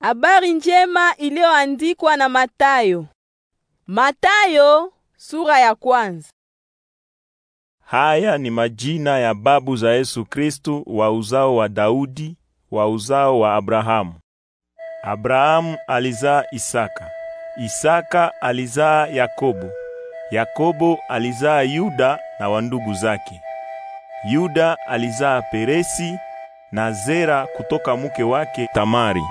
Habari njema iliyoandikwa na Matayo. Matayo sura ya kwanza. Haya ni majina ya babu za Yesu Kristu wa uzao wa Daudi, wa uzao wa Abrahamu. Abrahamu alizaa Isaka. Isaka alizaa Yakobo. Yakobo alizaa Yuda na wandugu zake. Yuda alizaa Peresi na Zera kutoka mke wake Tamari.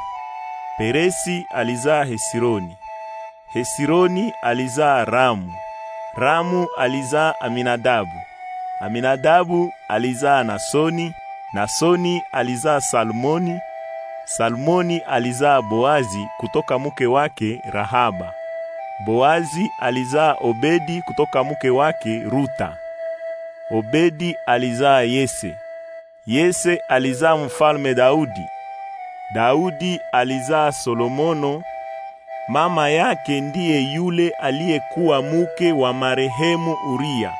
Peresi alizaa Hesironi. Hesironi alizaa Ramu. Ramu alizaa Aminadabu. Aminadabu alizaa Nasoni. Nasoni alizaa Salmoni. Salmoni alizaa Boazi kutoka mke wake Rahaba. Boazi alizaa Obedi kutoka mke wake Ruta. Obedi alizaa Yese. Yese alizaa mfalme Daudi. Daudi alizaa Solomono, mama yake ndiye yule aliyekuwa muke wa marehemu Uria.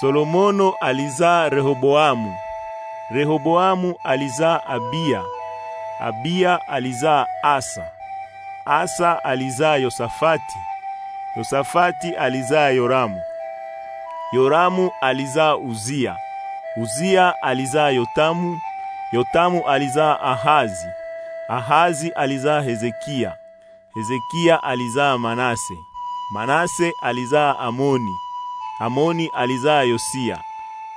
Solomono alizaa Rehoboamu. Rehoboamu alizaa Abiya. Abiya alizaa Asa. Asa alizaa Yosafati. Yosafati alizaa Yoramu. Yoramu alizaa Uzia. Uzia alizaa Yotamu. Yotamu alizaa Ahazi, Ahazi alizaa Hezekia, Hezekia alizaa Manase, Manase alizaa Amoni, Amoni alizaa Yosia,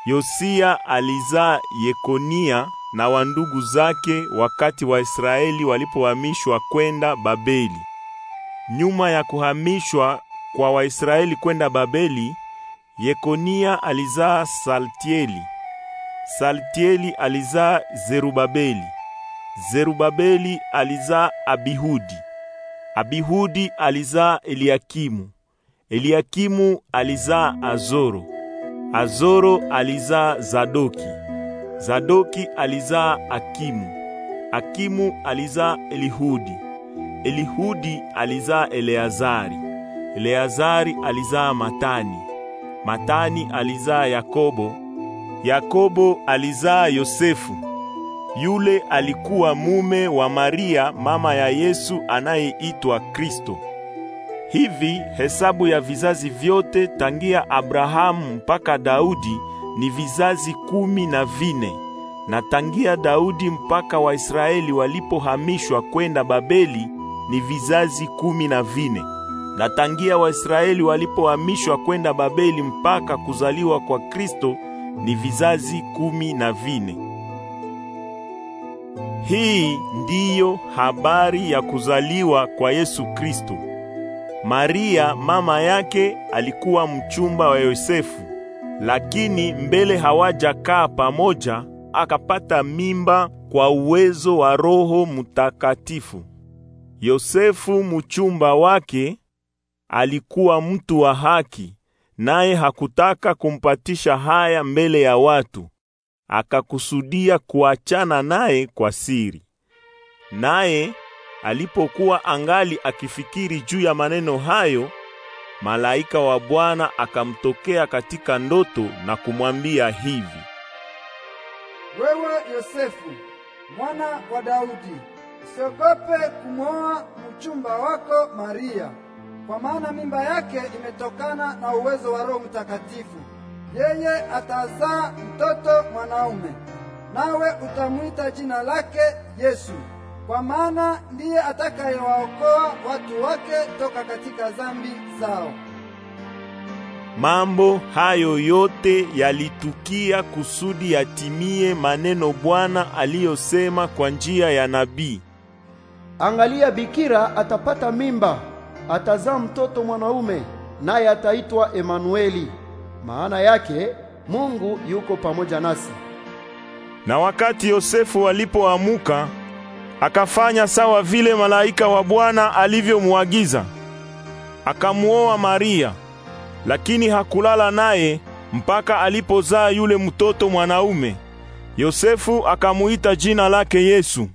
Yosia alizaa Yekonia na wandugu zake wakati Waisraeli walipohamishwa kwenda Babeli. Nyuma ya kuhamishwa kwa Waisraeli kwenda Babeli, Yekonia alizaa Saltieli, Saltieli alizaa Zerubabeli. Zerubabeli alizaa Abihudi. Abihudi alizaa Eliakimu. Eliakimu alizaa Azoro. Azoro alizaa Zadoki. Zadoki alizaa Akimu. Akimu alizaa Elihudi. Elihudi alizaa Eleazari. Eleazari alizaa Matani. Matani alizaa Yakobo. Yakobo alizaa Yosefu. Yule alikuwa mume wa Maria mama ya Yesu anayeitwa Kristo. Hivi hesabu ya vizazi vyote tangia Abrahamu mpaka Daudi ni vizazi kumi na vine, na tangia Daudi mpaka Waisraeli walipohamishwa kwenda Babeli ni vizazi kumi na vine, na tangia Waisraeli walipohamishwa kwenda Babeli mpaka kuzaliwa kwa Kristo ni vizazi kumi na vine. Hii ndiyo habari ya kuzaliwa kwa Yesu Kristo. Maria mama yake alikuwa mchumba wa Yosefu, lakini mbele hawajakaa pamoja, akapata mimba kwa uwezo wa Roho Mtakatifu. Yosefu mchumba wake alikuwa mtu wa haki naye hakutaka kumpatisha haya mbele ya watu, akakusudia kuachana naye kwa siri. Naye alipokuwa angali akifikiri juu ya maneno hayo, malaika wa Bwana akamtokea katika ndoto na kumwambia hivi: wewe Yosefu mwana wa Daudi, usiogope kumwoa mchumba wako Maria kwa maana mimba yake imetokana na uwezo wa Roho Mtakatifu. Yeye atazaa mtoto mwanaume, nawe utamwita jina lake Yesu, kwa maana ndiye atakayewaokoa watu wake toka katika dhambi zao. Mambo hayo yote yalitukia kusudi yatimie maneno Bwana aliyosema kwa njia ya nabii, angalia, bikira atapata mimba atazaa mtoto mwanaume, naye ataitwa Emanueli, maana yake Mungu yuko pamoja nasi. Na wakati Yosefu alipoamuka, akafanya sawa vile malaika wa Bwana alivyomwagiza, akamwoa Maria, lakini hakulala naye mpaka alipozaa yule mtoto mwanaume. Yosefu akamuita jina lake Yesu.